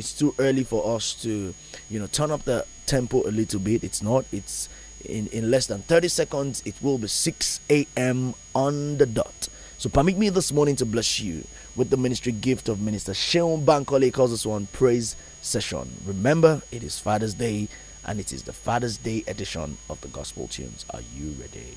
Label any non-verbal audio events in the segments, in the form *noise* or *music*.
it's too early for us to, you know, turn up the tempo a little bit. It's not. It's in, in less than 30 seconds, it will be 6 a.m. on the dot. So permit me this morning to bless you with the ministry gift of Minister Sheon Bankole calls us one praise session. Remember, it is Father's Day and it is the Father's Day edition of the Gospel Tunes. Are you ready?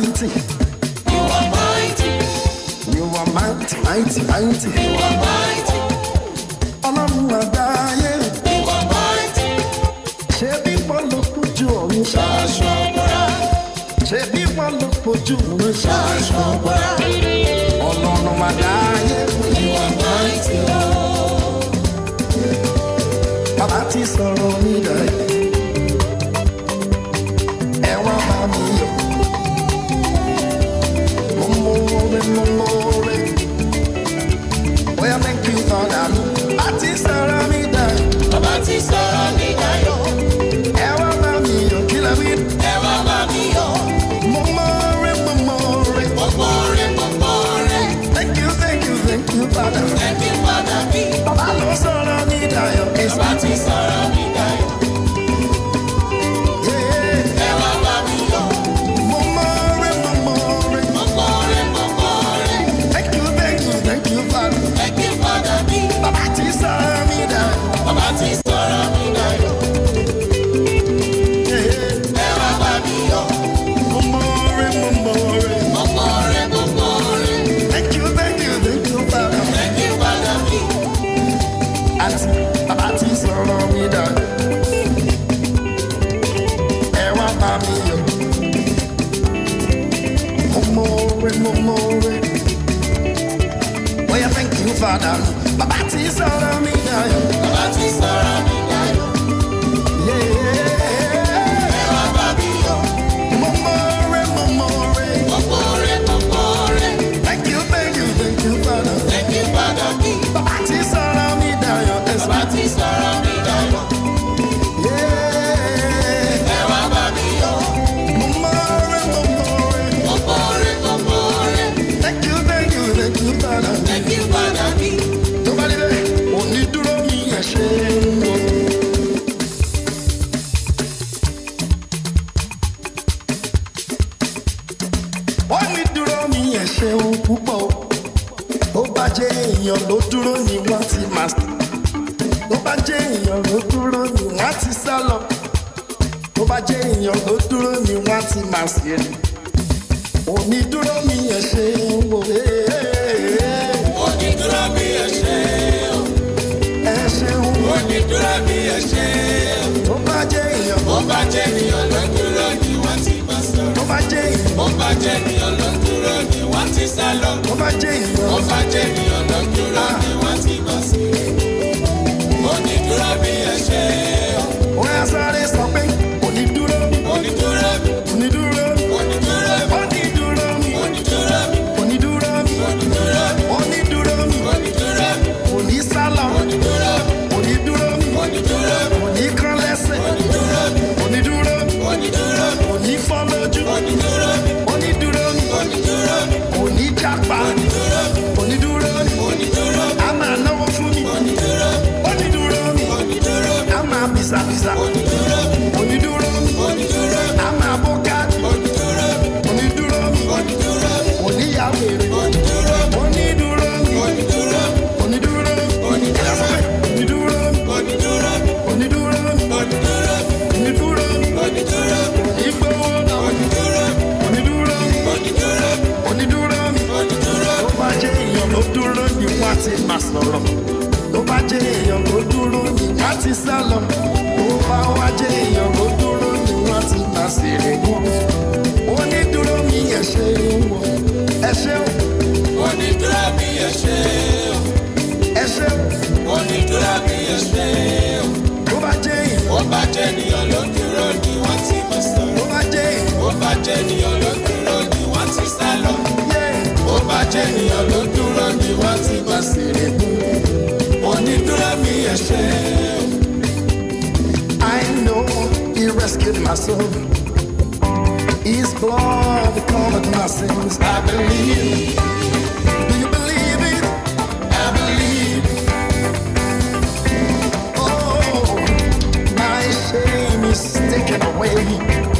mighty. You are mighty. You are mighty, mighty, mighty. You are mighty. Ọlọ́run àgbáyé. You are mighty. Ṣé bí wọ́n ló kojú ọ̀run ṣáṣọ ọ̀gbọ́ra? Ṣé bí wọ́n ló kojú ọ̀run You are mighty. Oh. Bàbá ti sọ̀rọ̀ mi dàí. amor. sọ̀rọ̀ tó bá jẹ́ èèyàn tó dúró ní ká ti sá lọ tó bá wá jẹ́ èèyàn tó dúró ní wọ́n ti bá sèrè wọn. onídúró mi ẹ ṣé wọ ẹ ṣé o. onídúró mi ẹ ṣé o. ẹ ṣé o. onídúró mi ẹ ṣé o. tó bá jẹ́ èèyàn. ó bá jẹ́ ènìyàn ló dúró ní wọ́n ti bá sọ̀rọ̀. tó bá jẹ́ èèyàn. ó bá jẹ́ ènìyàn ló dúró ní wọ́n ti sá lọ. ó bá jẹ́ ènìyàn ló dúró. I know He rescued my soul. He's blood covered my sins. I believe. Do you believe it? I believe. Oh, my shame is taken away.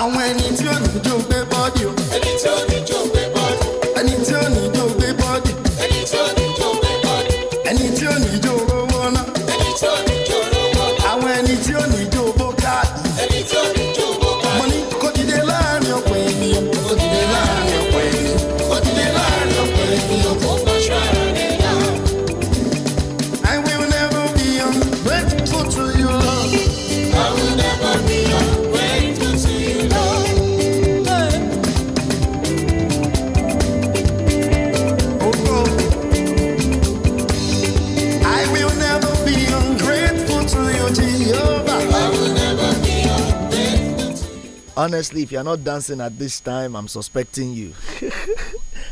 àwọn ẹni tí ò ní jó gbé bọ́dì o. honestly, if you're not dancing at this time, I'm suspecting you. *laughs*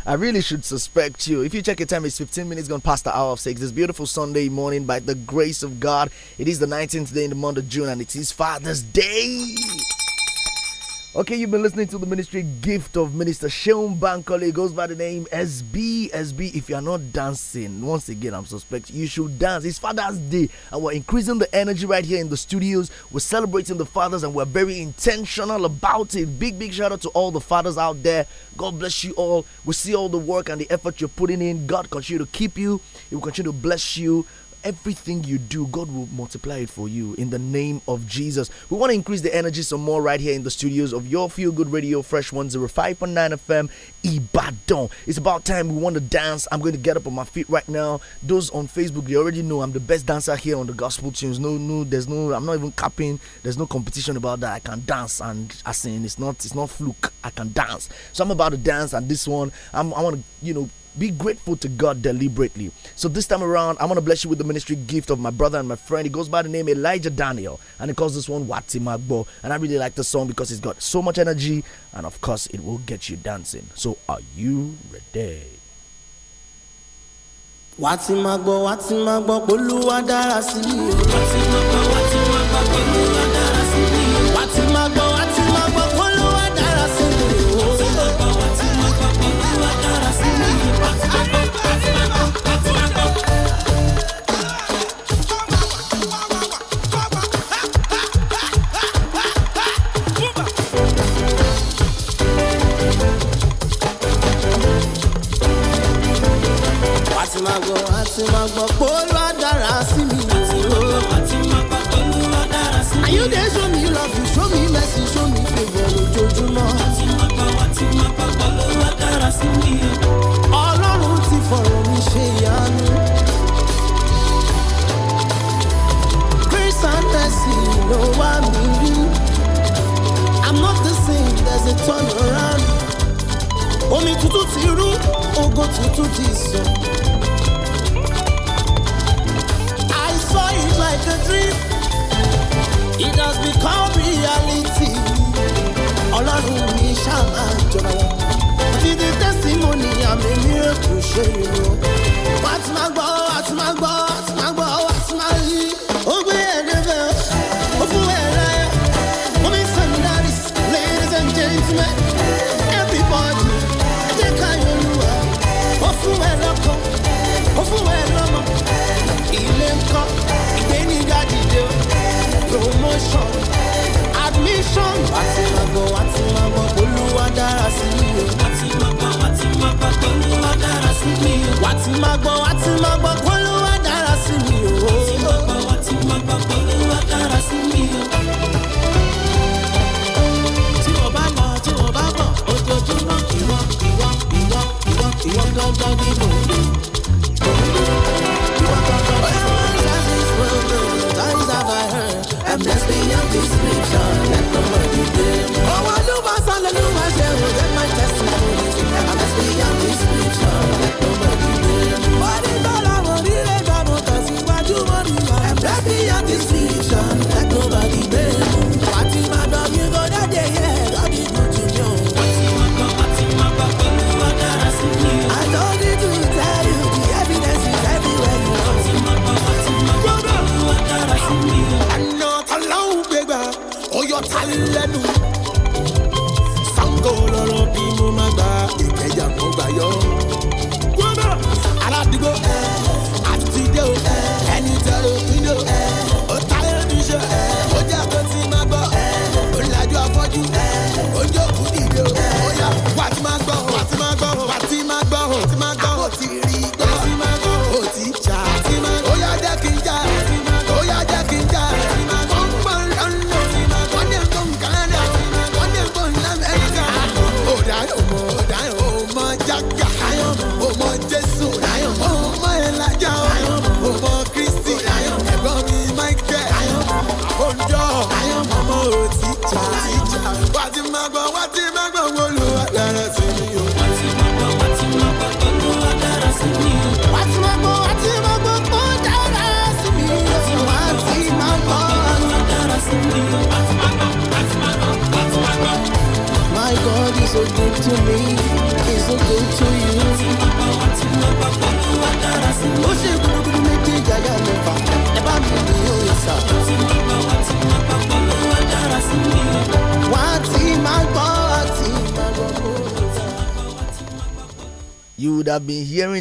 I really should suspect you. If you check your time, it's 15 minutes gone past the hour of 6. This beautiful Sunday morning, by the grace of God, it is the 19th day in the month of June and it is Father's Day. Okay, you've been listening to the ministry gift of Minister Sheon Bankole. It goes by the name SB. SB, if you are not dancing, once again, I'm suspect you should dance. It's Father's Day, and we're increasing the energy right here in the studios. We're celebrating the fathers, and we're very intentional about it. Big, big shout out to all the fathers out there. God bless you all. We see all the work and the effort you're putting in. God continue to keep you, He will continue to bless you everything you do, God will multiply it for you in the name of Jesus. We want to increase the energy some more right here in the studios of Your Feel Good Radio, Fresh 105.9 FM, Ibadan. It's about time we want to dance. I'm going to get up on my feet right now. Those on Facebook, they already know I'm the best dancer here on the gospel tunes. No, no, there's no, I'm not even capping. There's no competition about that. I can dance and I sing. It's not, it's not fluke. I can dance. So I'm about to dance and this one, I'm, I want to, you know, be grateful to God deliberately. So this time around, I'm going to bless you with the ministry gift of my brother and my friend. He goes by the name Elijah Daniel, and he calls this one Wati Magbo. And I really like the song because it's got so much energy, and of course, it will get you dancing. So are you ready? Wati Magbo, Wati Magbo, Boluwa Darasi. Wati Magbo, Wati Magbo, máa gbọ́ àti máa gbọ́ pé olúwa sí mi. àti máa gbọ́ àti máa gbọ́ pé olúwa sí mi. àyọ̀dẹ̀ show me love show me mercy show me favour lójoojúmọ́. àti máa gbọ́ àti máa gbọ́ pé olúwa dára sí mi. ọlọ́run ti fọ̀rọ̀ mi ṣe ìyanu. grace and ló wà mí rí. I'm not the same there's a turn around. omi tuntun ti rú ogo tuntun ti sùn. saw it like a dream, it has become reality. Ọlọ́run mi ṣáà máa jọba lọ. Àti the testimony àmì mi èkó ṣe ìró. Wàá ti máa gbọ́, wàá máa gbọ́, wàá ti máa.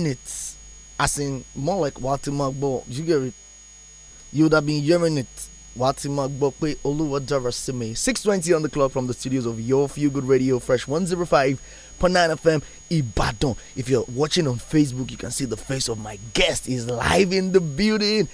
it as in more like wàá ti you get it you would have been hearing it wàá ti máa olúwa dára sí six twenty on the clock from the studios of your feel good radio fresh one zero oh five point nine fm ibadan if you're watching on facebook you can see the face of my guest is live in the building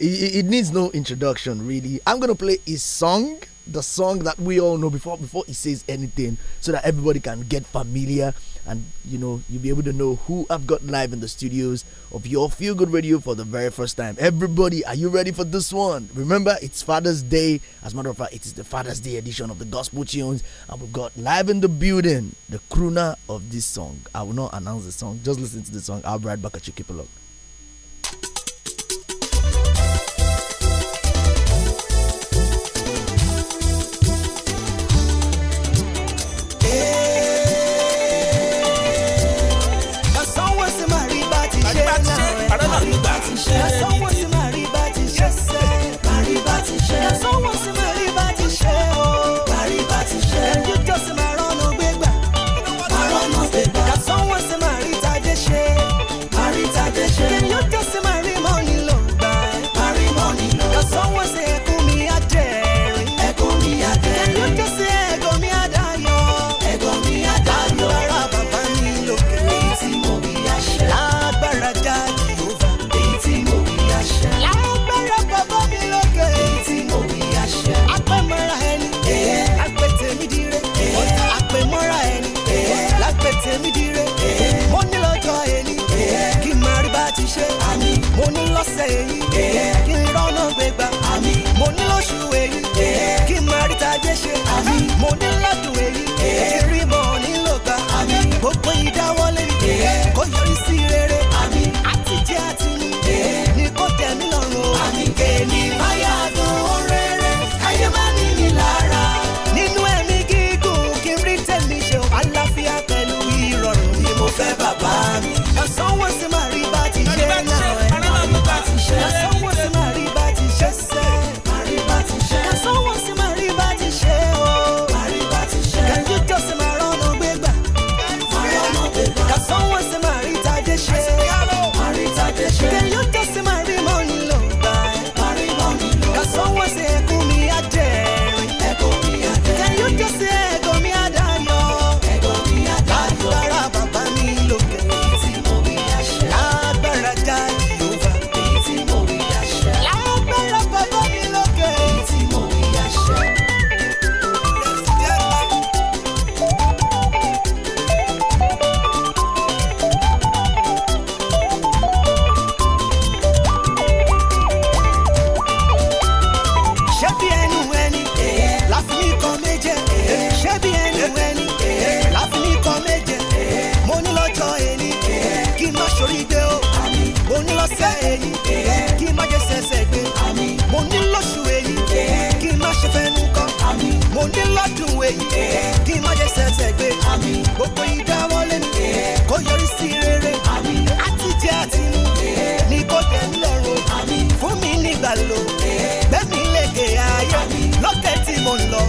it needs no introduction really i'm gonna play his song the song that we all know before before he says anything so that everybody can get familiar and you know you'll be able to know who I've got live in the studios of your Feel Good Radio for the very first time. Everybody, are you ready for this one? Remember, it's Father's Day. As a matter of fact, it is the Father's Day edition of the Gospel Tunes, and we've got live in the building the crooner of this song. I will not announce the song. Just listen to the song. I'll be right back at you. Keep a look. That's so ṣẹ̀ṣẹ̀ èyí kí n má jẹ ṣẹ̀ṣẹ̀ gbé mo ní lóṣù èyí kí n má ṣe fẹnu kàn mo ní lọ́dún èyí kí n má jẹ ṣẹ̀ṣẹ̀ gbé gbogbo ìdáwọ́lé mi kó yọrí sí rere àti jẹ àti mu ní kó fún mi nígbà lò gbẹmí lèkè ayé lókè tí mo ń lọ.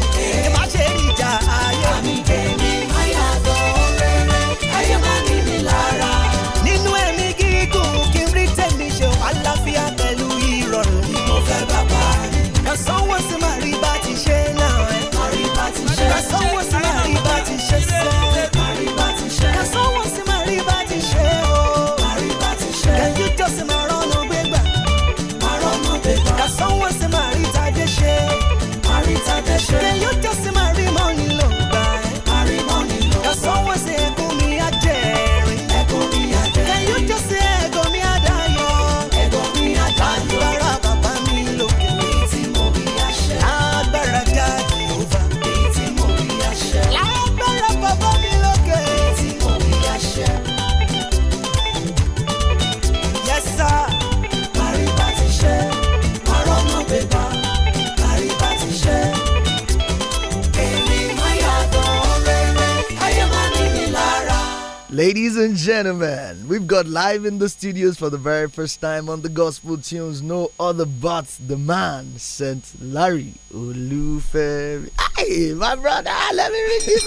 Ladies and gentlemen, we've got live in the studios for the very first time on the gospel tunes No Other But the Man, St. Larry Olufemi. Hey, my brother, ah, let me read this.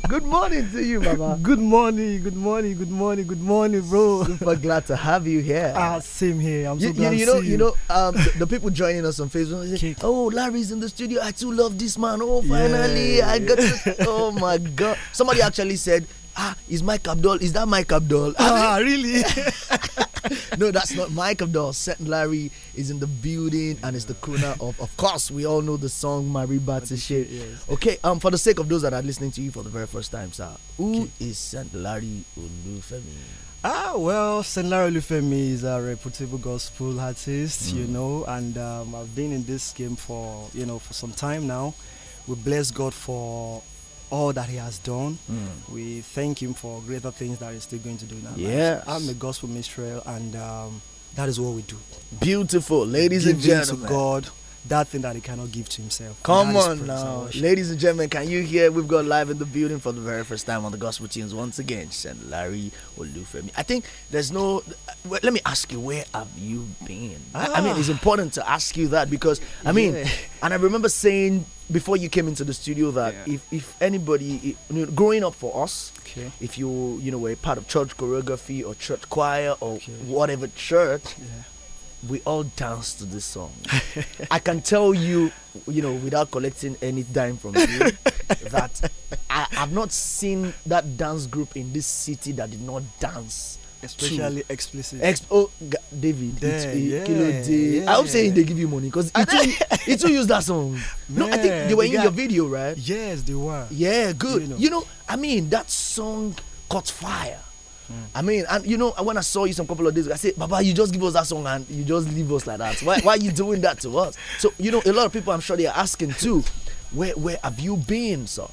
*laughs* good morning to you, Baba. Good morning, good morning, good morning, good morning, bro. Super glad to have you here. Ah, same here. I'm you, so glad you, you know, you. you. know, um, the, people joining us on Facebook, say, oh, Larry's in the studio. I too love this man. Oh, finally, yeah. I got. To, oh my God! Somebody actually said ah, is Mike Abdul, is that Mike Abdul? Ah, *laughs* really? *laughs* no, that's not Mike Abdul. Seth Larry is in the building yeah. and it's the crooner of, of course, we all know the song Mariba Tishe. Yes. Okay, um, for the sake of those that are listening to you for the very first time, sir, who okay. is Seth Larry Olufemi? Ah, well, Saint Larry Lufemi is a reputable gospel artist, mm. you know, and um, I've been in this game for, you know, for some time now. We bless God for all that He has done. Mm. We thank Him for greater things that He's still going to do now. Yeah, I'm a gospel ministry, and um, that is what we do. Beautiful, ladies and gentlemen. To God that thing that he cannot give to himself. Come on now, ladies and gentlemen, can you hear? We've got live in the building for the very first time on the Gospel Tunes once again. Shen Larry Olufemi. I think there's no. Well, let me ask you, where have you been? Ah. I, mean, ah. it's important to ask you that because I mean, yeah. and I remember saying before you came into the studio that yeah. if, if anybody growing up for us okay. if you you know were a part of church choreography or church choir or okay. whatever church yeah. we all dance to this song. I can tell you, you know, without collecting any dime from you, *laughs* that I have not seen that dance group in this city that did not dance. Especially to. explicit. Ex- oh, David, there, yeah, eh, yeah, yeah, I hope saying they give you money because it will, it will use that song. Man, no, I think they were in got, your video, right? Yes, they were. Yeah, good. You know. you know, I mean, that song caught fire. Mm. I mean, and you know, when I saw you some couple of days ago, I said, Baba, you just give us that song and you just leave us like that. Why, why are you doing that to us? So, you know, a lot of people I'm sure they are asking too, where, where have you been, sir?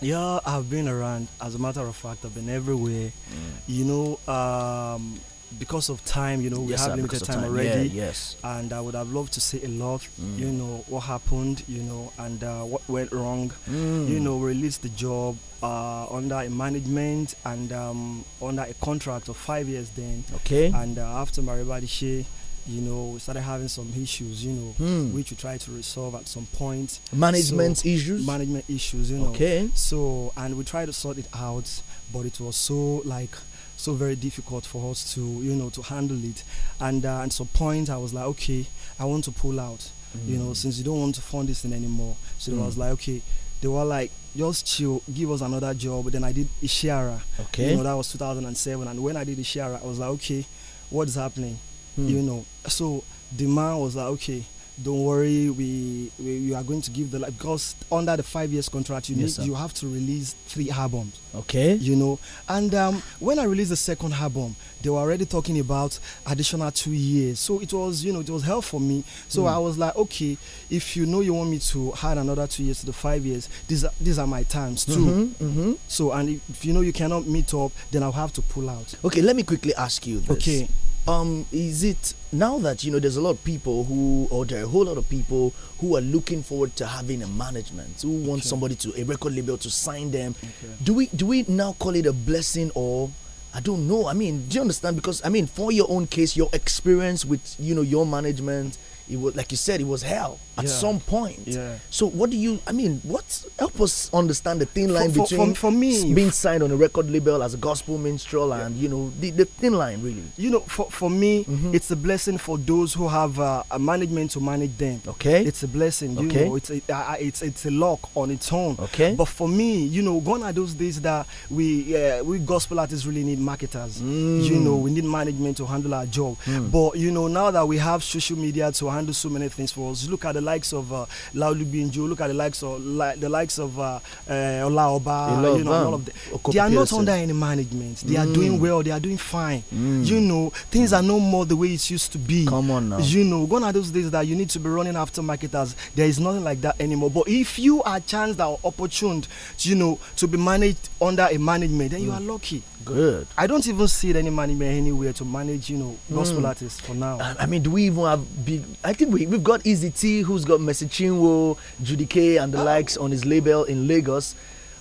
Yeah, I've been around. As a matter of fact, I've been everywhere. Mm. You know, um, because of time, you know, we yes, have sir, limited time, time, already. Yeah, yes. And I would have loved to say a lot, mm. you know, what happened, you know, and uh, what went wrong. Mm. You know, released the job uh, under a management and um, under a contract of five years then. Okay. And uh, after Maribadi you know, we started having some issues, you know, mm. which we tried to resolve at some point. Management so, issues? Management issues, you know. Okay. So, and we tried to sort it out, but it was so like, so very difficult for us to you know to handle it and uh, at some point i was like okay i want to pull out mm. you know mm. since you don't want to fund this thing anymore so mm. i was mm. like okay they were like just chill give us another job then i did ishara okay you know that was 2007 and when i did ishara i was like okay what's happening mm. you know so the man was like okay don't worry, we, we, are going to give the life because under the five years contract, you yes, need, you have to release three albums. Okay. You know, and um, when I released the second album, they were already talking about additional two years. So it was, you know, it was hell for me. So mm. I was like, okay, if you know you want me to add another two years to the five years, these are, these are my times too. Mm -hmm, mm -hmm. So and if, if you know you cannot meet up, then I'll have to pull out. Okay, let me quickly ask you this. Okay um, is it now that you know there's a lot of people who or there are a whole lot of people who are looking forward to having a management who want somebody to a record label to sign them okay. do we do we now call it a blessing or I don't know. I mean, do you understand? Because I mean, for your own case, your experience with you know your management, it was like you said it was hell at yeah. some point yeah. so what do you i mean what help us understand the thin line for, between for, for, me being signed on a record label as a gospel minstrel yeah. and you know the, the, thin line really you know for, for me mm-hmm. it's a blessing for those who have uh, a management to manage them okay it's a blessing okay. Know, it's a, uh, it's it's a lock on its own okay but for me you know gone are those days that we uh, we gospel artists really need marketers mm. you know we need management to handle our job mm. but you know now that we have social media to handle handle so many things for us. Look at the likes of uh, Laulu Binjo, look at the likes of li the likes of uh, uh, you know, all of them. They are not under any management. They mm. are doing well. They are doing fine. Mm. You know, things are no more the way it used to be. Come on now. You know, gone are those days that you need to be running after marketers. There is nothing like that anymore. But if you are chanced or opportuned, you know, to be managed under a management, then mm. you are mm. lucky. Good. I don't even see any management anywhere to manage, you know, gospel mm. artists for now. I, I mean, do we even have big? I think we, we've got Easy T, who's got Messi Chinwo, Judy K, and the oh. likes on his label in Lagos.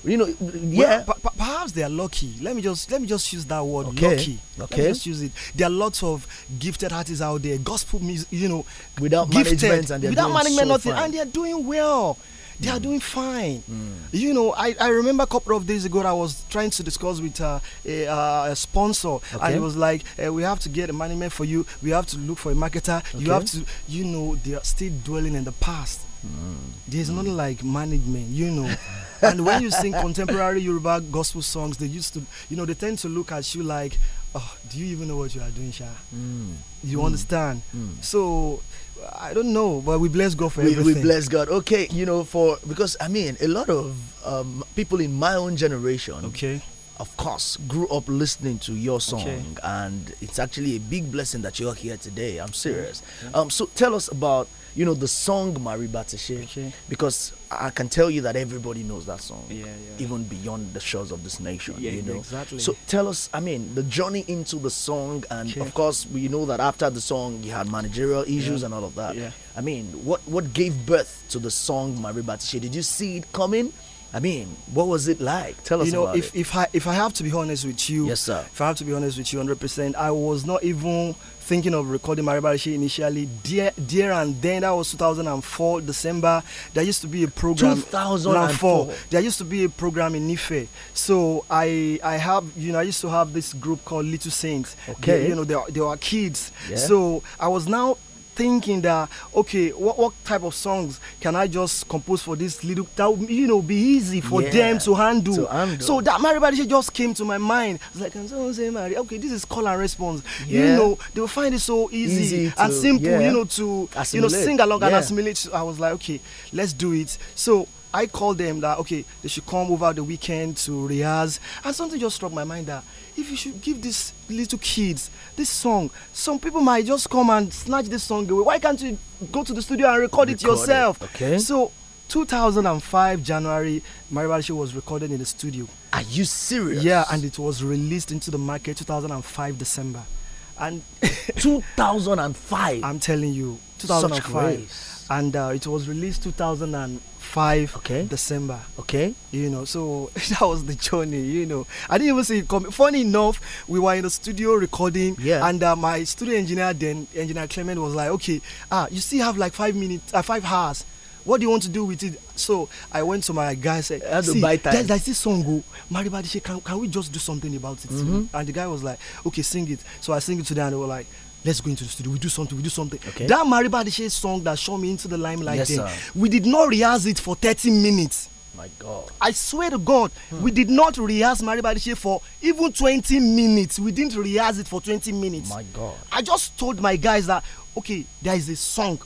You know, yeah. Well, perhaps they are lucky. Let me just let me just use that word, okay. lucky. Okay. Let me just use it. There are lots of gifted artists out there, gospel music, you know, without gifted, management and without management, so nothing, fine. and they are doing well. They are mm. doing fine. Mm. You know, I, I remember a couple of days ago I was trying to discuss with uh, a, uh, a, sponsor, okay. and it was like, uh, we have to get a management for you. We have to look for a marketer. Okay. You have to, you know, they are still dwelling in the past. Mm. There's mm. not like management, you know. *laughs* and when you sing contemporary Yoruba gospel songs, they used to, you know, they tend to look at you like, oh, do you even know what you are doing, Sha? Mm. You understand? Mm. So I don't know, but we bless God for we, everything. We bless God. Okay, you know, for because I mean, a lot of um, people in my own generation, okay, of course, grew up listening to your song, okay. and it's actually a big blessing that you're here today. I'm serious. Okay. Um, so tell us about you know the song Maribatishe because I can tell you that everybody knows that song, yeah, yeah. even beyond the shores of this nation. Yeah, you know exactly. So tell us, I mean, the journey into the song, and of course we know that after the song you had managerial issues and all of that. Yeah. I mean, what what gave birth to the song Maribatishe? Did you see it coming? I mean, what was it like? Tell us. You know, if, it. if I if I have to be honest with you, yes, sir. If I have to be honest with you, hundred percent, I was not even thinking of recording Maribarishi initially. Dear, dear and then that was 2004 December. There used to be a program. 2004. There used to be a program in Nifé. So I I have you know I used to have this group called Little Saints. Okay. They, you know they, they were kids. Yeah. So I was now thinking that okay, what, what type of songs can I just compose for this little that would, you know be easy for yeah, them to handle. to handle. So that Maribadiche just came to my mind. I was like, can someone say Mary. Okay, this is call and response. Yeah. You know, they will find it so easy, easy to, and simple. Yeah. You know to assimilate. you know sing along and assimilate. So I was like, okay, let's do it. So I called them that okay, they should come over the weekend to Riaz. and something just struck my mind that if you should give these little kids this song, some people might just come and snatch this song away. Why can't you go to the studio and record, record it yourself? It. Okay. So 2005 January, Maribel Show was recorded in the studio. Are you serious? Yeah, and it was released into the market 2005 December. And *laughs* 2005. I'm telling you, 2005 and uh, it was released 2005 okay december okay you know so *laughs* that was the journey you know i didn't even see it coming funny enough we were in the studio recording yeah and uh, my studio engineer then engineer clement was like okay ah you still have like five minutes uh, five hours what do you want to do with it so i went to my guy and said I see there, there's this song go oh, maribadi can, can we just do something about it mm -hmm. and the guy was like okay sing it so i sing it to them and they were like let's go into the studio we do something we do something okay. that mariba adeshe song that show me into the limelight yes, then sir. we did not rehearse it for thirty minutes my god i swear to god hmm. we did not rehearse mariba adeshe for even twenty minutes we didn't rehearse it for twenty minutes my god i just told my guys that okay there is a song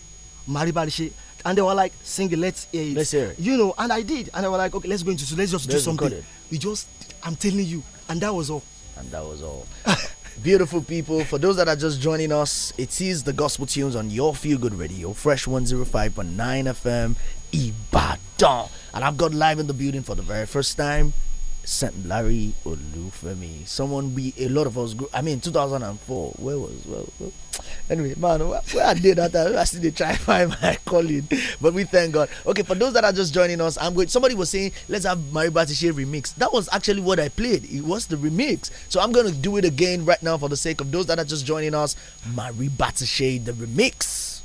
mariba adeshe and they were like sing it let's hear it let's hear it you know and i did and they were like okay let's go into studio. let's just let's do something we just i'm telling you and that was all and that was all *laughs* Beautiful people, for those that are just joining us, it is the Gospel Tunes on your Feel Good Radio, Fresh 105.9 FM, Ibadan. And I've got live in the building for the very first time St. Larry Olufemi. Someone we a lot of us grew. I mean, 2004. Where was well, well anyway, man, where, I did that, I still did try *laughs* find my calling, but we thank God. Okay, for those that are just joining us, I'm going. Somebody was saying, let's have Maribatishe remix. That was actually what I played. It was the remix. So I'm going to do it again right now for the sake of those that are just joining us. Maribatishe the remix.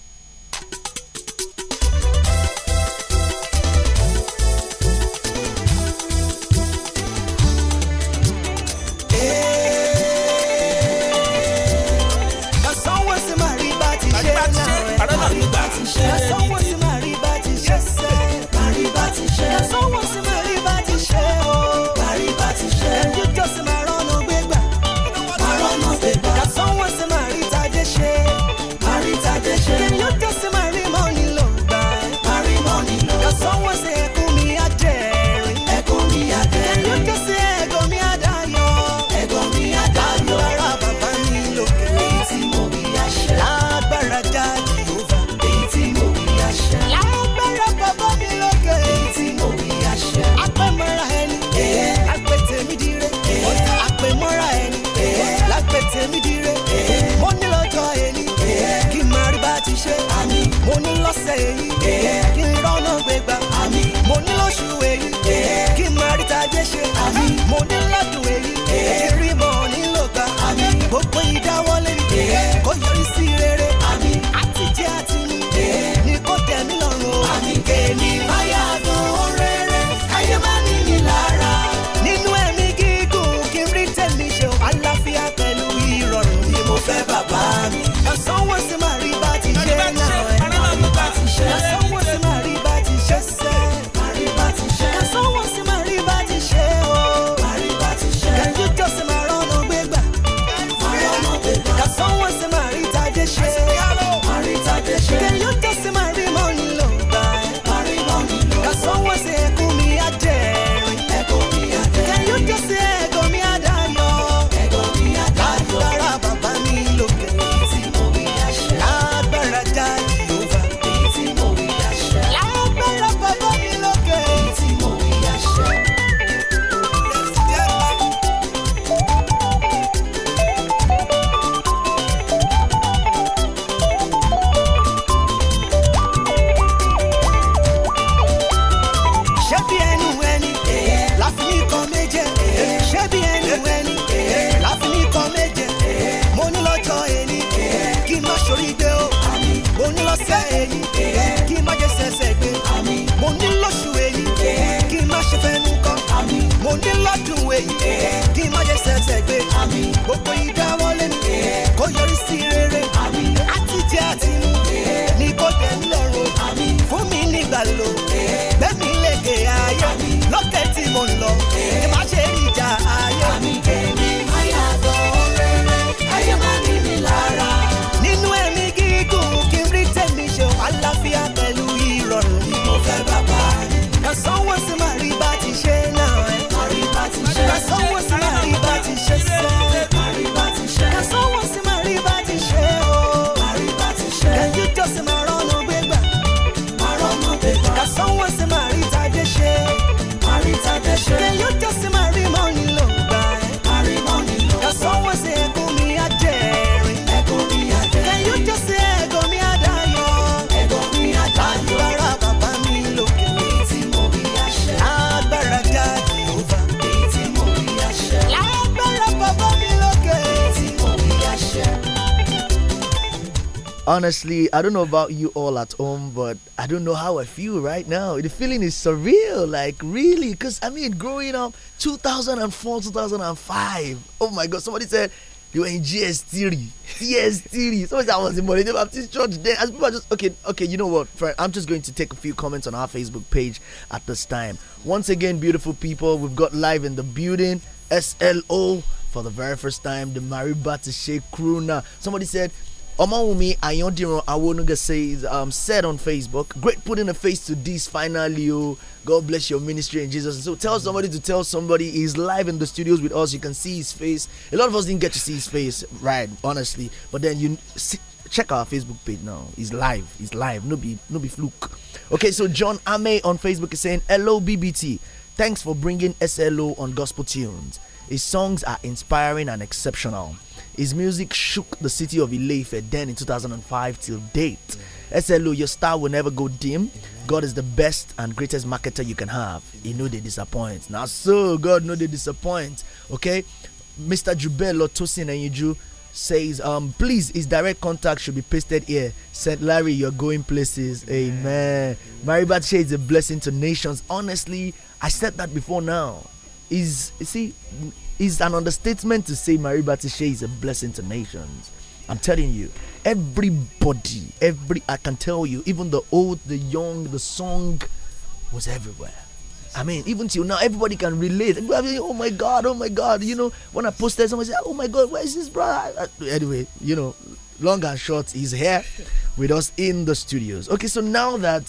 hey. regalo honestly, I don't know about you all at home, but I don't know how I feel right now. The feeling is surreal, like really, because I mean, growing up, 2004, 2005. Oh my God! Somebody said you were in GS theory, CS theory. Somebody said I was in Monday Baptist Church then. As people are just okay, okay. You know what, friend? I'm just going to take a few comments on our Facebook page at this time. Once again, beautiful people, we've got live in the building. SLO for the very first time, the Maribati crew now. Somebody said Omawumi Ayondiran Awonuga says, um, said on Facebook, great putting a face to this finally. Oh, God bless your ministry in Jesus. so tell somebody to tell somebody he's live in the studios with us. You can see his face. A lot of us didn't get to see his face, right? Honestly, but then you see, check our Facebook page now. He's live. He's live. No be no be fluke. Okay, so John Ame on Facebook is saying, hello BBT. Thanks for bringing SLO on Gospel Tunes. His songs are inspiring and exceptional. His music shook the city of Ileife then in 2005 till date. SLO, your star will never go dim. God is the best and greatest marketer you can have. He know they disappoint. Now, so God know they disappoint. Okay, Mr. Jubel Tosin and Yuju says, um, please, his direct contact should be pasted here. Said Larry, you're going places. Amen. Amen. Maribat Shea is a blessing to nations. Honestly, I said that before now. Is see is an understatement to say Mariba Tishe is a blessing to nations. I'm telling you, everybody, every I can tell you, even the old, the young, the song was everywhere. I mean, even till now, everybody can relate. I mean, oh my God, oh my God. You know, when I posted, someone said, oh my God, where is this brother? Anyway, you know, long and short, he's here with us in the studios. Okay, so now that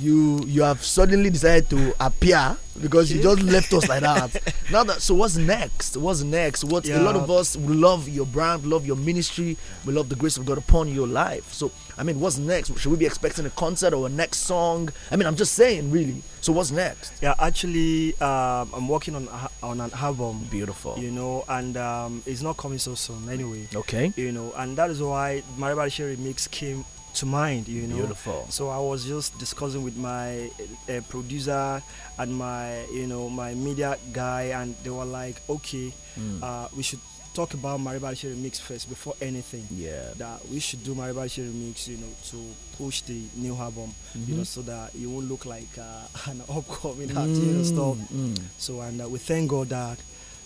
you you have suddenly decided to appear because you just left us like that. *laughs* now that so what's next? What's next? What yeah. a lot of us love your brand, love your ministry, we love the grace of God upon your life. So I mean, what's next? Should we be expecting a concert or a next song? I mean, I'm just saying, really. So what's next? Yeah, actually, um, I'm working on on an album. Beautiful. You know, and um, it's not coming so soon anyway. Okay. You know, and that is why Maribel Remix Mix came to mind, you know. Beautiful. So I was just discussing with my uh, producer and my, you know, my media guy, and they were like, okay, mm. uh, we should talk about Maribashi remix first before anything. Yeah. That we should do Maribashi remix, you know, to push the new album, mm-hmm. you know, mm-hmm. so that you won't look like uh, *laughs* an upcoming artist mm-hmm. and stuff. Mm-hmm. So and uh, we thank God that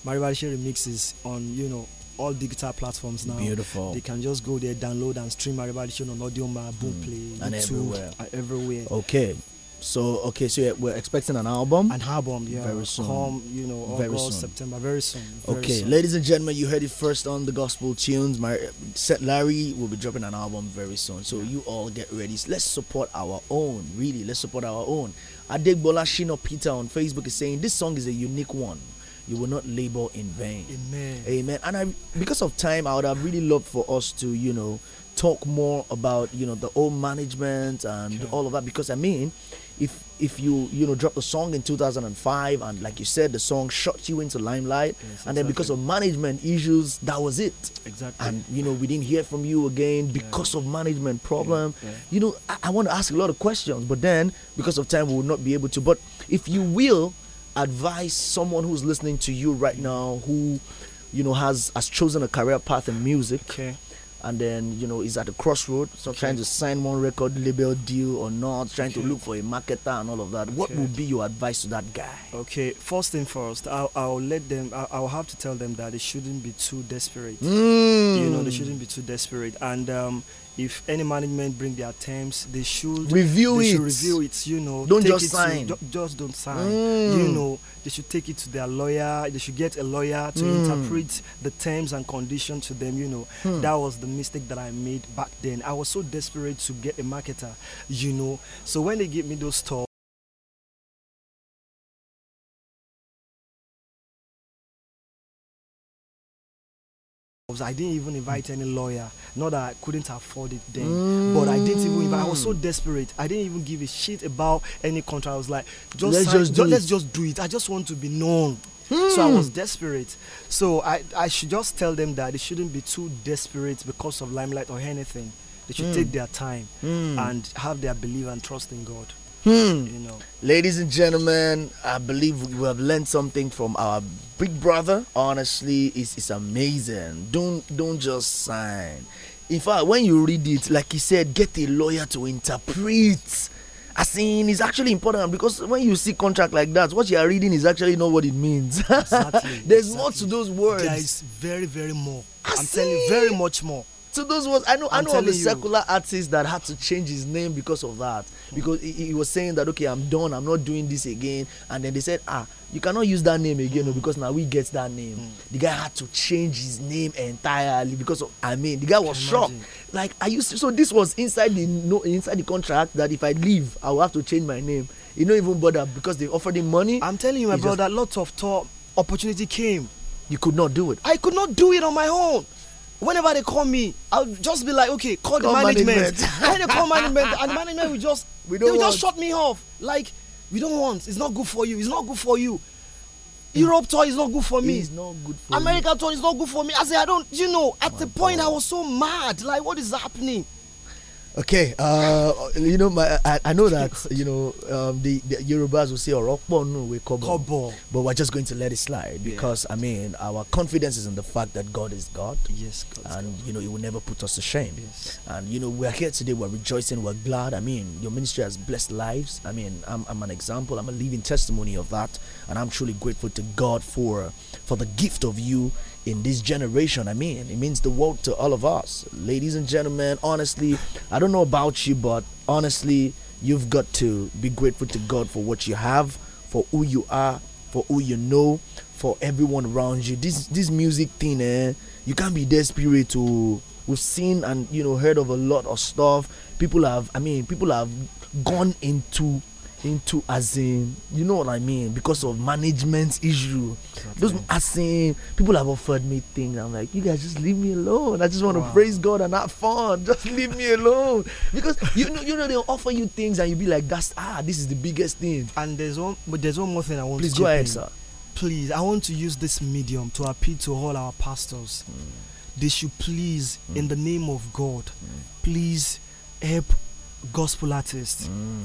Maribashi remix is on, you know, all digital platforms now. Beautiful. They can just go there, download and stream Areba revolution on Audioma, boom mm. and YouTube, everywhere. everywhere. Okay. So okay, so we're expecting an album. An album, yeah. Very soon. Come, you know, August, very soon. September, very soon. Very okay, soon. ladies and gentlemen, you heard it first on the Gospel Tunes. My set Larry will be dropping an album very soon. So yeah. you all get ready. Let's support our own. Really, let's support our own. Adegbola Shino Peter on Facebook is saying this song is a unique one you will not labor in vain. Amen. Amen. And I, because of time, I would have really loved for us to, you know, talk more about, you know, the old management and all of that. Because I mean, if if you you know dropped a song in 2005 and like you said, the song shot you into limelight, yes, and then because of management issues, that was it. Exactly. And you know we didn't hear from you again because yeah. of management problem. Yeah. Yeah. You know I, I want to ask a lot of questions, but then because of time we will not be able to. But if you will advise someone who's listening to you right now who you know has has chosen a career path in music okay. and then you know is at a crossroad so okay. trying to sign one record label deal or not trying okay. to look for a marketer and all of that what would be your advice to that guy okay first thing first i'll, I'll let them I'll, I'll have to tell them that they shouldn't be too desperate mm. you know they shouldn't be too desperate and um, if any management bring their terms they should review they it should review it you know don't just it sign to, just don't sign mm. you know they should take it to their lawyer they should get a lawyer to mm. interpret the terms and conditions to them you know hmm. that was the mistake that i made back then i was so desperate to get a marketer you know so when they gave me those talks I didn't even invite mm. any lawyer. Not that I couldn't afford it then, mm. but I didn't even. Invite, I was so desperate. I didn't even give a shit about any contract. I was like, just let's, sign, just, let's just do it. I just want to be known. Mm. So I mm. was desperate. So I, I should just tell them that they shouldn't be too desperate because of limelight or anything. They should mm. take their time mm. and have their belief and trust in God. Hmm. You know. Ladies and gentlemen, I believe we have learned something from our big brother. Honestly, it's, it's amazing. Don't don't just sign. In fact, when you read it, like he said, get a lawyer to interpret. As in, it's actually important because when you see contract like that, what you are reading is actually not what it means. Exactly, *laughs* There's exactly. more to those words. There is very, very more. I I'm telling you, very much more. So those was I know I'm i know of a secular you. artist that had to change his name because of that because he, he, was saying that okay I'm done I'm not doing this again and then they said ah you cannot use that name again mm. because now we get that name mm. the guy had to change his name entirely because of I mean the guy was shocked like I used to, so this was inside the no inside the contract that if I leave I will have to change my name he no even bother because they offered him money. I'm telling you my he brother just, lots of top opportunity came. You could not do it. I could not do it on my own whenever they call me i'll just be like okay call, call the management, management. and *laughs* they call management and the management will just *laughs* we don't they will want. just shut me off like we don't want it's not good for you it's not good for you hmm. europe tour is not good for me it's not good for america you. tour is not good for me i say i don't you know at wow. the point i was so mad like what is happening Okay, uh, you know, my, I, I know that you know um, the, the Yorubas will say "Orokpo oh, no we kobo," but we're just going to let it slide because yeah. I mean our confidence is in the fact that God is God. Yes, God's and God. you know He will never put us to shame. Yes. And you know we're here today. We're rejoicing. We're glad. I mean, your ministry has blessed lives. I mean, I'm, I'm an example. I'm a living testimony of that, and I'm truly grateful to God for for the gift of you in this generation. I mean, it means the world to all of us. Ladies and gentlemen, honestly, I don't know about you, but honestly, you've got to be grateful to God for what you have, for who you are, for who you know, for everyone around you. This this music thing, eh? You can't be desperate to we've seen and you know heard of a lot of stuff. People have I mean, people have gone into into as in you know what I mean because of management issue. Exactly. Those as in people have offered me things. I'm like, you guys just leave me alone. I just want to wow. praise God and have fun. *laughs* Just leave me alone because you know you know they'll offer you things and you'll be like, that's ah, this is the biggest thing. And there's one, but there's one more thing I want. Please to go ahead, in. sir. Please, I want to use this medium to appeal to all our pastors. Mm. They should please, mm. in the name of God, mm. please help gospel artists. Hmm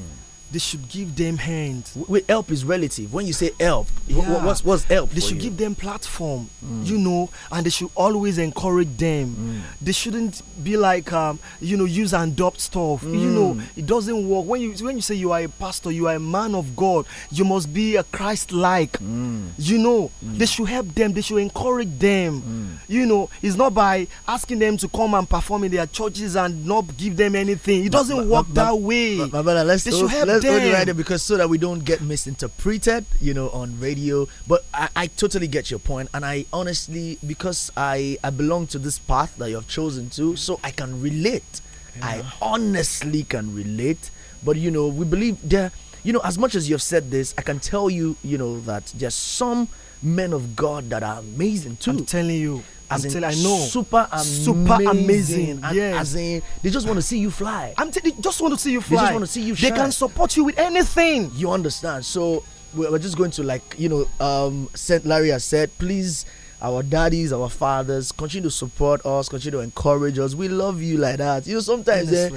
they should give them hands. We help is relative. When you say help, yeah. what's what's help? They should you. give them platform, mm. you know, and they should always encourage them. Mm. They shouldn't be like um, you know, use and adopt stuff. Mm. You know, it doesn't work. When you when you say you are a pastor, you are a man of God, you must be a Christ-like. Mm. You know, mm. they should help them. They should encourage them. Mm. You know, it's not by asking them to come and perform in their churches and not give them anything. It doesn't work that way. let's, they should help let's Damn. because so that we don't get misinterpreted, you know, on radio. But I, I totally get your point, and I honestly, because I I belong to this path that you have chosen to, so I can relate. Yeah. I honestly can relate. But you know, we believe there. You know, as much as you've said this, I can tell you, you know, that there's some men of God that are amazing too. I'm telling you. As I'm in, I know. Super amazing. Super amazing. yes. As in, they just want to see you fly. I'm telling they just want to see you fly. They just want to see you shine. They can support you with anything. You understand? So we're just going to like, you know, um, St. Larry has said, please, our daddies, our fathers, continue to support us, continue to encourage us. We love you like that. You know, sometimes eh,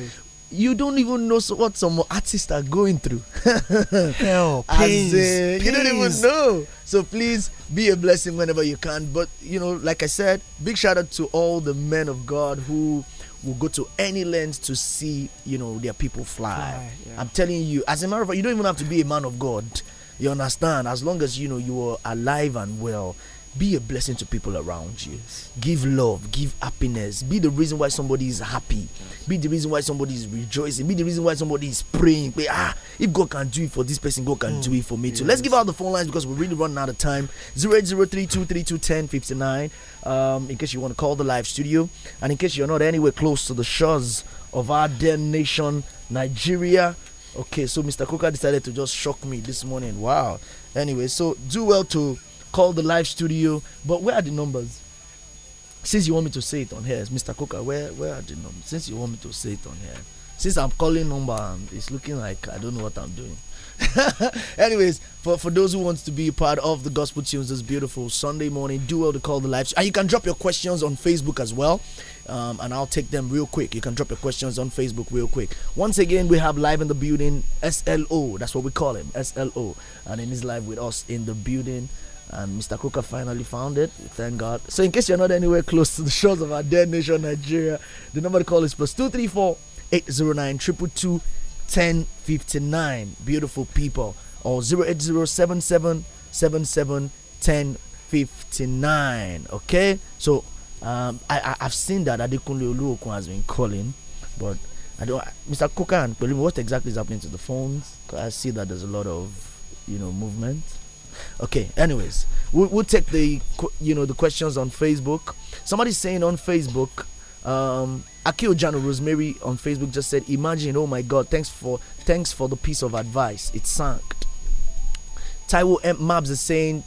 you don't even know what some artists are going through. Hell, pains, *laughs* As, uh, You don't even know. So please be a blessing whenever you can. But you know, like I said, big shout out to all the men of God who will go to any length to see you know their people fly. fly yeah. I'm telling you, as a matter of fact, you don't even have to be a man of God. You understand? As long as you know you are alive and well, be a blessing to people around you. Yes. Give love, give happiness. Be the reason why somebody is happy. Yes. Be the reason why somebody is rejoicing. Be the reason why somebody is praying. Pray, ah, if God can do it for this person, God can mm. do it for me yes. too. Let's mm. give out the phone lines because we're really running out of time. 08032321059. Um, in case you want to call the live studio, and in case you're not anywhere close to the shores of our dear nation, Nigeria. Okay, so Mr. Coca decided to just shock me this morning. Wow. Anyway, so do well to call the live studio. But where are the numbers? Since you want me to say it on here, Mr. Coca. where where are the numbers? Since you want me to say it on here, since I'm calling number, um, it's looking like I don't know what I'm doing. *laughs* Anyways, for, for those who want to be part of the Gospel Tunes this beautiful Sunday morning, do well to call the live. And you can drop your questions on Facebook as well. Um, and I'll take them real quick. You can drop your questions on Facebook real quick. Once again, we have live in the building SLO. That's what we call him, SLO. And then he's live with us in the building and Mr. Kuka finally found it. Thank God. So, in case you're not anywhere close to the shores of our dear nation, Nigeria, the number to call is plus 234 809 222 1059. Beautiful people. Or 08077 Okay? So, um, I, I, have seen that Adekunle Oluokun has been calling, but I don't. Mr. Coker and what exactly is happening to the phones? I see that there's a lot of, you know, movement. Okay. Anyways, we'll, we'll take the you know the questions on Facebook. Somebody's saying on Facebook. Um, Akio Jano Rosemary on Facebook just said, "Imagine, oh my God, thanks for thanks for the piece of advice. It sank." Taiwo M Mabs is saying,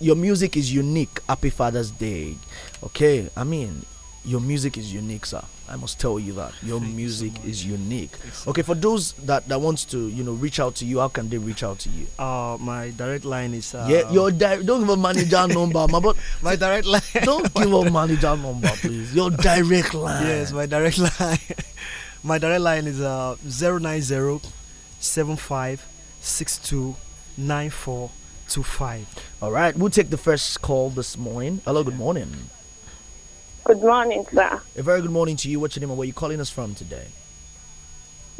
"Your music is unique. Happy Father's Day." Okay, I mean, your music is unique, sir. I must tell you that your Thank music so is unique. Okay, for those that that wants to you know reach out to you, how can they reach out to you? Uh, my direct line is uh, yeah. Your di- don't give a manager *laughs* number, my but *laughs* my direct line. *laughs* Don't give a manager number, please. Your direct line. Yes, my direct line. my direct line is uh zero nine zero All right, we'll take the first call this morning. Hello, good morning. Good morning, sir. A very good morning to you. What's your name and where are you calling us from today?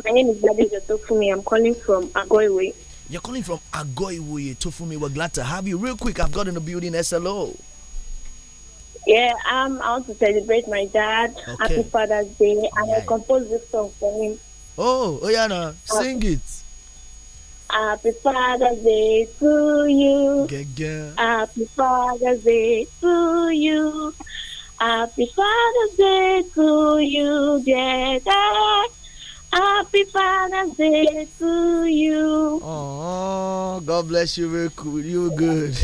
My name is Dadija Tofumi. I'm calling from Agoiwe. You're calling from Agoiwe, Tofumi. We're glad to have you. Real quick, I've got in the building SLO. Yeah, I'm um, out to celebrate my dad. Okay. Happy Father's Day. I and right. I composed this song for him. Oh, Oyana, oh, sing it. Happy Father's Day to you. Gaga. Happy Father's Day to you. Happy Father's Day to you, Dad. Happy Father's Day to you. Oh, God bless you, real cool. You good.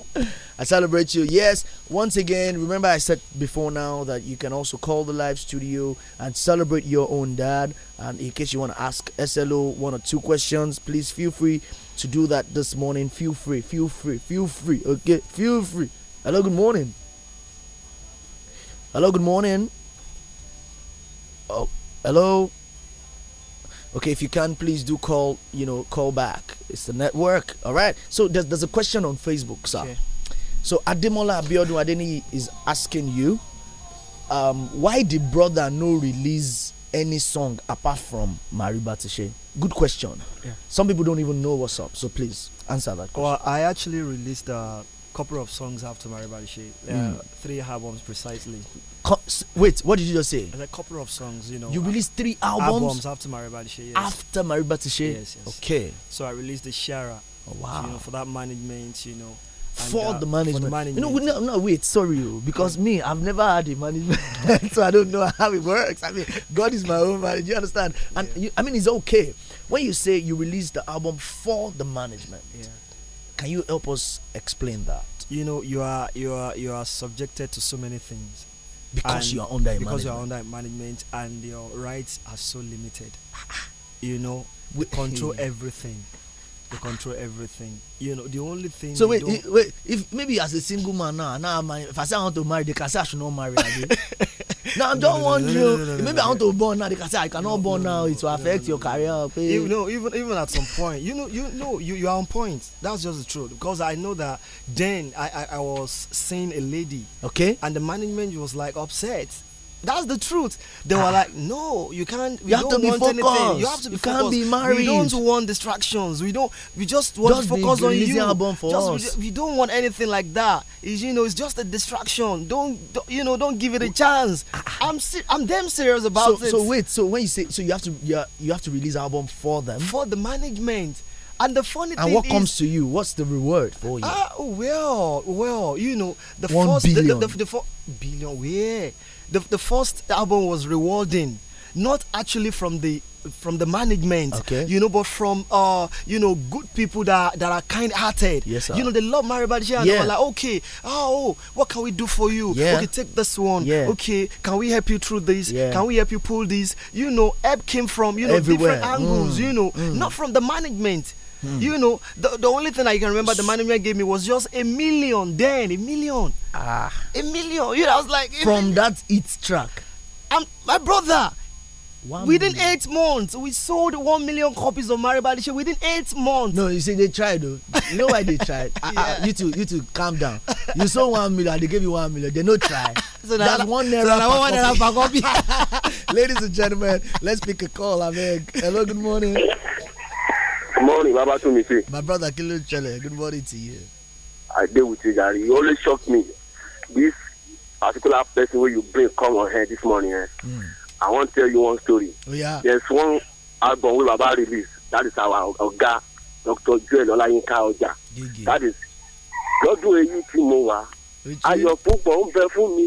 *laughs* I celebrate you. Yes, once again, remember I said before now that you can also call the live studio and celebrate your own dad. And in case you want to ask SLO one or two questions, please feel free to do that this morning. Feel free, feel free, feel free. Okay, feel free. Hello, good morning. Hello, good morning. Oh, hello. Okay, if you can, please do call, you know, call back. It's the network. All right. So there's, there's a question on Facebook, sir. Okay. So Ademola Abiodun Adeni is asking you, um, why did brother no release any song apart from Mariba Tishe? Good question. Yeah. Some people don't even know what's up. So please answer that question. Well, I actually released a uh, couple of songs after Maribarishi. yeah. Uh, mm. Three albums precisely. Co wait, what did you just say? A couple of songs, you know. You uh, released three albums, albums after Maribarishi. Yes. After Maribarishi. Yes, yes. Okay. So I released the Shara. Oh, wow. You know, for that management, you know. For, uh, the management. for the management. You know, no, no, wait, sorry, because me, I've never had a management, *laughs* so I don't know how it works. I mean, God is my own manager. You understand? And yeah. you, I mean, it's okay when you say you release the album for the management. Yeah can you help us explain that? You know, you are you are you are subjected to so many things because you are under because management. you are under management and your rights are so limited. *laughs* you know, we control everything. They control everything. You know, the only thing. So wait, if, wait. If maybe as a single man now, now I'm, if I say I want to marry, they can say I should not marry. *laughs* now I'm just wondering. Maybe I want to born now. They can say I cannot no, born no, now. No, it will affect your career. Pay. You know, even even at some point, you know, you know, you, you are on point. That's just the truth because I know that then I I, I was seeing a lady. Okay. And the management was like upset That's the truth. They were ah. like, no, you can't. We you have don't to be want focused. anything. You have to be you can't be married. We don't want distractions. We don't. We just want just to focus on you. Album for just, us. We, don't want anything like that. It's, you know, it's just a distraction. Don't, don't you know? Don't give it a chance. Ah, ah. I'm I'm damn serious about so, it. So wait. So when you say so, you have to you, you have to release album for them for the management. And the funny and thing what is, comes to you? What's the reward for you? Ah, well, well, you know, the One first billion. The, the, the, the, billion, yeah the, the first album was rewarding not actually from the from the management okay. you know but from uh you know good people that that are kind hearted yes sir. you know they love maribadi and yeah. they were like okay ah, oh what can we do for you yeah. okay take this one yeah. okay can we help you through this yeah. can we help you pull this you know help came from you know Everywhere. different angles mm. you know mm. not from the management Hmm. You know, the, the only thing I can remember the manager gave me was just a million then, a million. Ah. A million. You know, I was like. From that it track. i my brother. One within million. eight months, we sold one million copies of Mario Badisha. within eight months. No, you see, they tried though. You know why they *laughs* tried? Ah, ah, yeah. you two, you two, calm down. You sold one million, they gave you one million. They no try. *laughs* so that's now, one naira one copy. *laughs* Ladies and gentlemen, let's pick a call. I beg. Hello, good morning. Good morning, Baba Tumise. My brother Kilo Chele, good morning to you. I deal with you, Gary. You always shock me. This particular person where you bring come on here this morning. Eh? Mm. I want to tell you one story. Oh, yeah. There's one album we Baba release. That is our Oga, Dr. Joel Olayinka Oja. That is lọ́dún èyí tí mo wà ayọ̀ púpọ̀ ń bẹ fún mi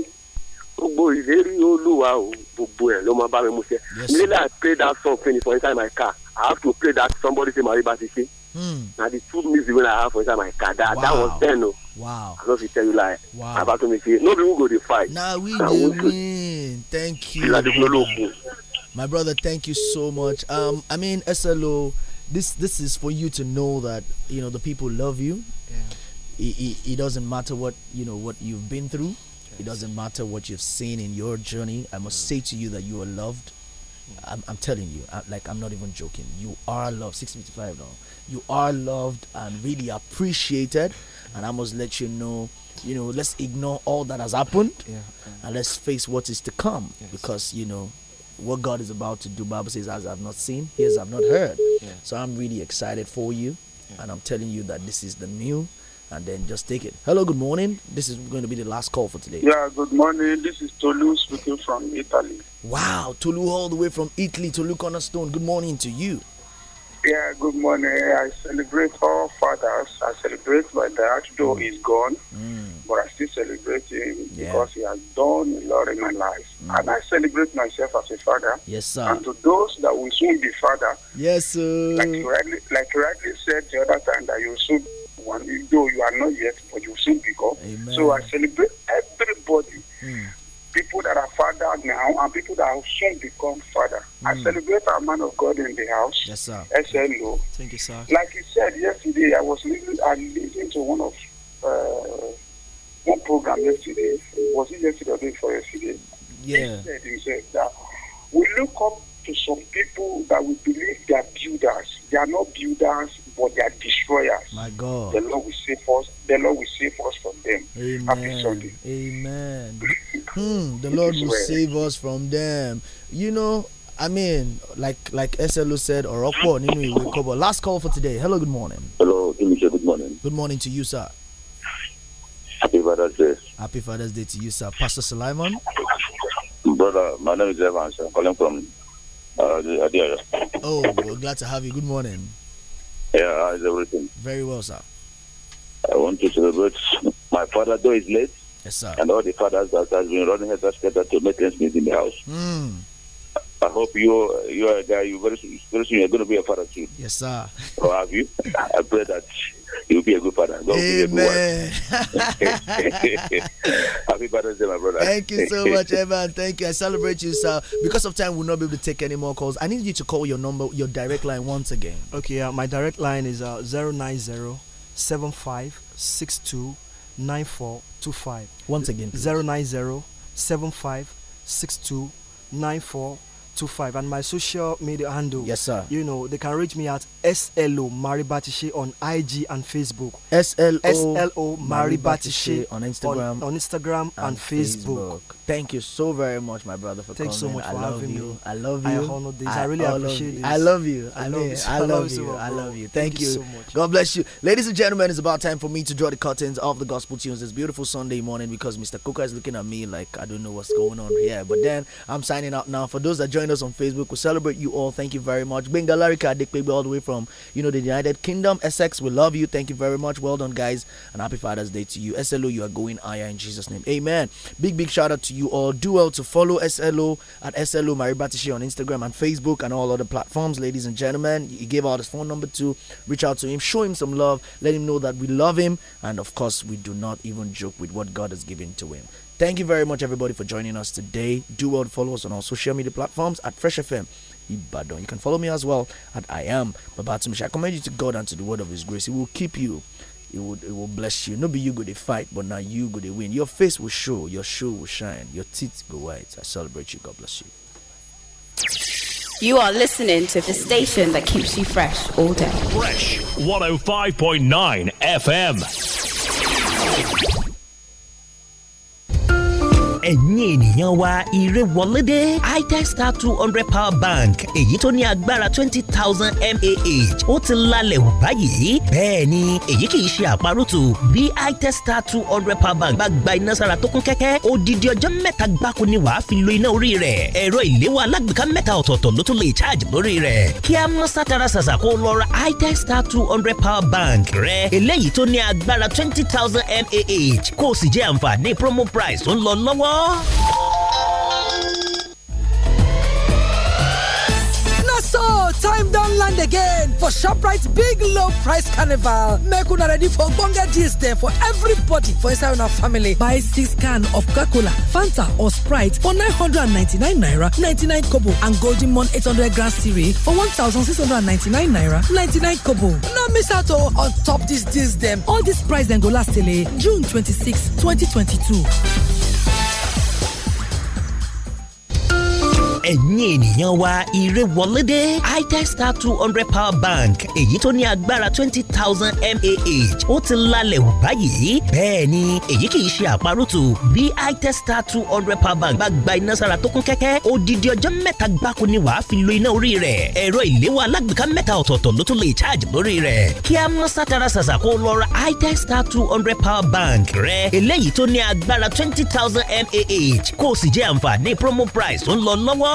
gbogbo ìlérí olúwa o gbogbo ẹ̀ ló máa bá mi mú ṣẹ nílẹ̀ I play that song finish for inside my car. I have to play that somebody say Mariba Sisi. Mm. Now the two music when I have for inside my car, that, wow. that was then. Oh. Wow. I don't tell you lie. Wow. About to make it. No people go to fight. Now nah, we do win. Thank you. My brother, thank you so much. Um, I mean, SLO, this this is for you to know that you know the people love you. Yeah. It, it, it doesn't matter what you know what you've been through. Yes. It doesn't matter what you've seen in your journey. I must say to you that you are loved I'm, I'm telling you, I, like I'm not even joking. You are loved. Six fifty five now. You are loved and really appreciated. And I must let you know, you know, let's ignore all that has happened, yeah, and let's face what is to come. Yes. Because you know, what God is about to do. Bible says, "As I've not seen, ears I've not heard." Yeah. So I'm really excited for you, yeah. and I'm telling you that this is the new and then just take it. Hello, good morning. This is going to be the last call for today. Yeah, good morning. This is Tolu speaking from Italy. Wow, Tolu all the way from Italy, Tolu Cornerstone. Good morning to you. Yeah, good morning. I celebrate all fathers. I celebrate my dad, though mm. he's gone, mm. but I still celebrate him yeah. because he has done a lot in my life. Mm. And I celebrate myself as a father. Yes, sir. And to those that will soon be father. Yes, sir. Like rightly, like rightly said the other time, that you soon one, though you are not yet, but you will soon become. Amen. So I celebrate everybody. Mm. People that are father now and people that will soon become father. Mm. I hmm. celebrate our man of God in the house. Yes, sir. SLO. Thank you, sir. Like he said yesterday, I was listening, I listened to one of uh, one program yesterday. Was it yesterday or day before yesterday? Yeah. He said himself that we look up to some people that we believe they are builders. They are not builders but they are destroyers. My God. The Lord will save us. The Lord will save us from them. Amen. Happy Sunday. Amen. *laughs* hmm, the Lord will save us from them. You know, I mean, like like SLO said, or Okwo, Last call for today. Hello, good morning. Hello, good morning. Good morning to you, sir. Happy Father's Day. Happy Father's Day to you, sir. Pastor Suleiman. Brother, my name is Evans. I'm calling from uh, Oh, we're glad to have you. Good morning. Yeah, it's everything. Very well, sir. I want to celebrate my father, though he's late. Yes, sir. And all the fathers that has been running a together to make ends meet in the house. Mm hope you you are a guy. You very soon, very soon you're going to be a father too. Yes, sir. So oh, have you? I pray that you'll be a good father. God Amen. *laughs* Happy Father's Day, my brother. Thank you so much, Evan. Thank you. I celebrate you, sir. Because of time, we'll not be able to take any more calls. I need you to call your number, your direct line once again. Okay, uh, my direct line is uh, 090 9425. Once again, please. 090 7562 9425. 5 and my social media handle. Yes, sir. You know, they can reach me at SLO Maribatiche on IG and Facebook. SLO, SLO Maribatiche on Instagram, on, on Instagram and, and Facebook. Facebook. Thank you so very much, my brother, for Thanks coming. Thanks so much I love having you. me. I love you. I honor this. I, I really appreciate this. I love you. I, I love, you. I love you. I love you. Thank, you. so much. God bless you. Ladies and gentlemen, it's about time for me to draw the curtains of the gospel tunes this beautiful Sunday morning because Mr. Cooker is looking at me like I don't know what's going on here. But then I'm signing out now. For those that join us on Facebook. We celebrate you all. Thank you very much. Bengalarika baby, all the way from you know the United Kingdom, Essex. We love you. Thank you very much. Well done, guys, and happy Father's Day to you. SLO, you are going higher in Jesus' name. Amen. Big big shout out to you all. Do well to follow SLO at SLO Maribatishi on Instagram and Facebook and all other platforms, ladies and gentlemen. He gave out his phone number to reach out to him, show him some love, let him know that we love him, and of course we do not even joke with what God has given to him. Thank you very much, everybody, for joining us today. Do well to follow us on our social media platforms at Fresh FM Ibadan. You can follow me as well at I am Babatunde. I commend you to God and to the word of His grace. He will keep you. It will, it will bless you. No be you go to fight, but now you go to win. Your face will show, your shoe will shine, your teeth go white. I celebrate you. God bless you. You are listening to the station that keeps you fresh all day. Fresh 105.9 FM. ẹ̀yin ènìyàn wa ire wọlédé itech star two hundred power bank èyí tó ní agbára twenty thousand mAh ó ti lálẹ̀ wù báyìí bẹ́ẹ̀ ni èyí kì í ṣe àparùtù bí itech two hundred power bank bá gba iná sára tó kún kẹ́kẹ́ odidi ọjọ́ mẹ́ta gbáko ni wàá fi lo iná orí rẹ̀ ẹ̀rọ ìléwọ́ alágbèéká mẹ́ta ọ̀tọ̀ọ̀tọ̀ ló tún lè charge lórí rẹ̀ kí a mọ́ sátara ṣàṣà kó lọ ra itech two hundred power bank rẹ̀ eléyìí tó ní agbára twenty thousand mAh kó o sì jẹ àǹfààní promo price tó ń lọ lọ́wọ́ so time don land again for Shoprite's big low price carnival make una ready for ogbonge deals dem for everybody for inside our family buy six can of coca-cola fanta or sprite for 999 naira 99 kobo and golden mon 800 grand cereal for 1699 naira 99 kobo no miss out on top this deals dem all these price dem go last till eh, june 26 2022 ẹ̀yin ènìyàn wa ire wọlédé itech star two hundred power bank èyí tó ní agbára twenty thousand mAh ó ti lálẹ̀ wò báyìí bẹ́ẹ̀ ni èyí kì í ṣe àparùtù bí itech two hundred power bank bá gba iná sára tó kún kẹ́kẹ́ odidi ọjọ́ mẹ́ta gbáko ni wàá fi lo iná orí rẹ̀ ẹ̀rọ ìléwọ́ alágbèéká mẹ́ta ọ̀tọ̀ọ̀tọ̀ ló tún lè charge lórí rẹ̀ kí a mọ́ sátara ṣàṣà kó lọ ra itech two hundred power bank rẹ̀ eléyìí tó ní agbára twenty thousand mAh kó o sì jẹ àǹfààní promo price tó ń lọ lọ́wọ́